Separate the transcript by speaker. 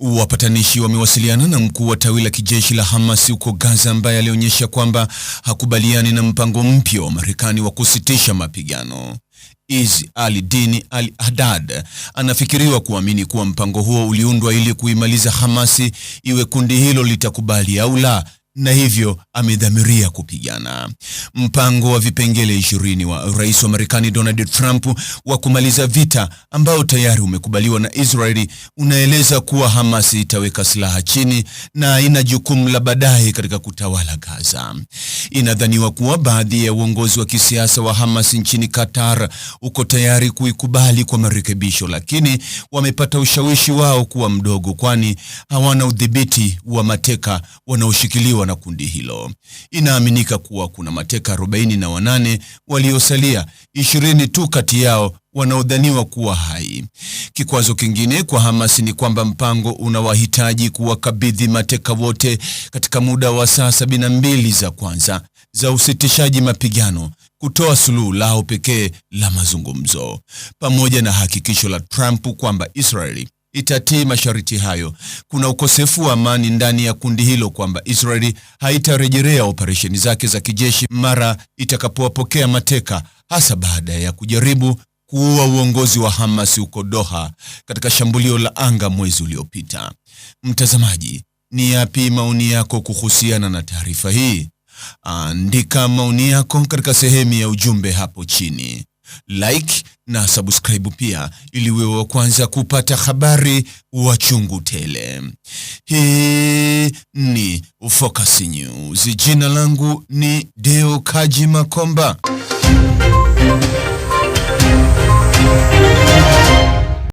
Speaker 1: Wapatanishi wamewasiliana na mkuu wa tawi la kijeshi la Hamas huko Gaza ambaye alionyesha kwamba hakubaliani na mpango mpya wa Marekani wa kusitisha mapigano. Iz al-Din al-Haddad anafikiriwa kuamini kuwa mpango huo uliundwa ili kuimaliza Hamasi iwe kundi hilo litakubali au la, na hivyo amedhamiria kupigana. Mpango wa vipengele ishirini wa Rais wa Marekani Donald Trump wa kumaliza vita ambao tayari umekubaliwa na Israeli unaeleza kuwa Hamas itaweka silaha chini na ina jukumu la baadaye katika kutawala Gaza. Inadhaniwa kuwa baadhi ya uongozi wa kisiasa wa Hamas nchini Qatar uko tayari kuikubali kwa marekebisho, lakini wamepata ushawishi wao kuwa mdogo, kwani hawana udhibiti wa mateka wanaoshikiliwa na kundi hilo. Inaaminika kuwa kuna mateka 48 waliosalia, 20 tu kati yao wanaodhaniwa kuwa hai. Kikwazo kingine kwa Hamas ni kwamba mpango unawahitaji kuwakabidhi mateka wote katika muda wa saa 72 za kwanza za usitishaji mapigano kutoa suluhu lao pekee la mazungumzo, pamoja na hakikisho la Trump kwamba Israeli itatii masharti hayo. Kuna ukosefu wa amani ndani ya kundi hilo kwamba Israeli haitarejelea operesheni zake za kijeshi mara itakapowapokea mateka, hasa baada ya kujaribu kuua uongozi wa Hamas huko Doha katika shambulio la anga mwezi uliopita. Mtazamaji, ni yapi maoni yako kuhusiana na taarifa hii? Andika maoni yako katika sehemu ya ujumbe hapo chini. Like na subscribe pia ili wewe wa kwanza kupata habari wa chungu tele. Hii ni Focus News. Jina langu ni Deo Kaji Makomba.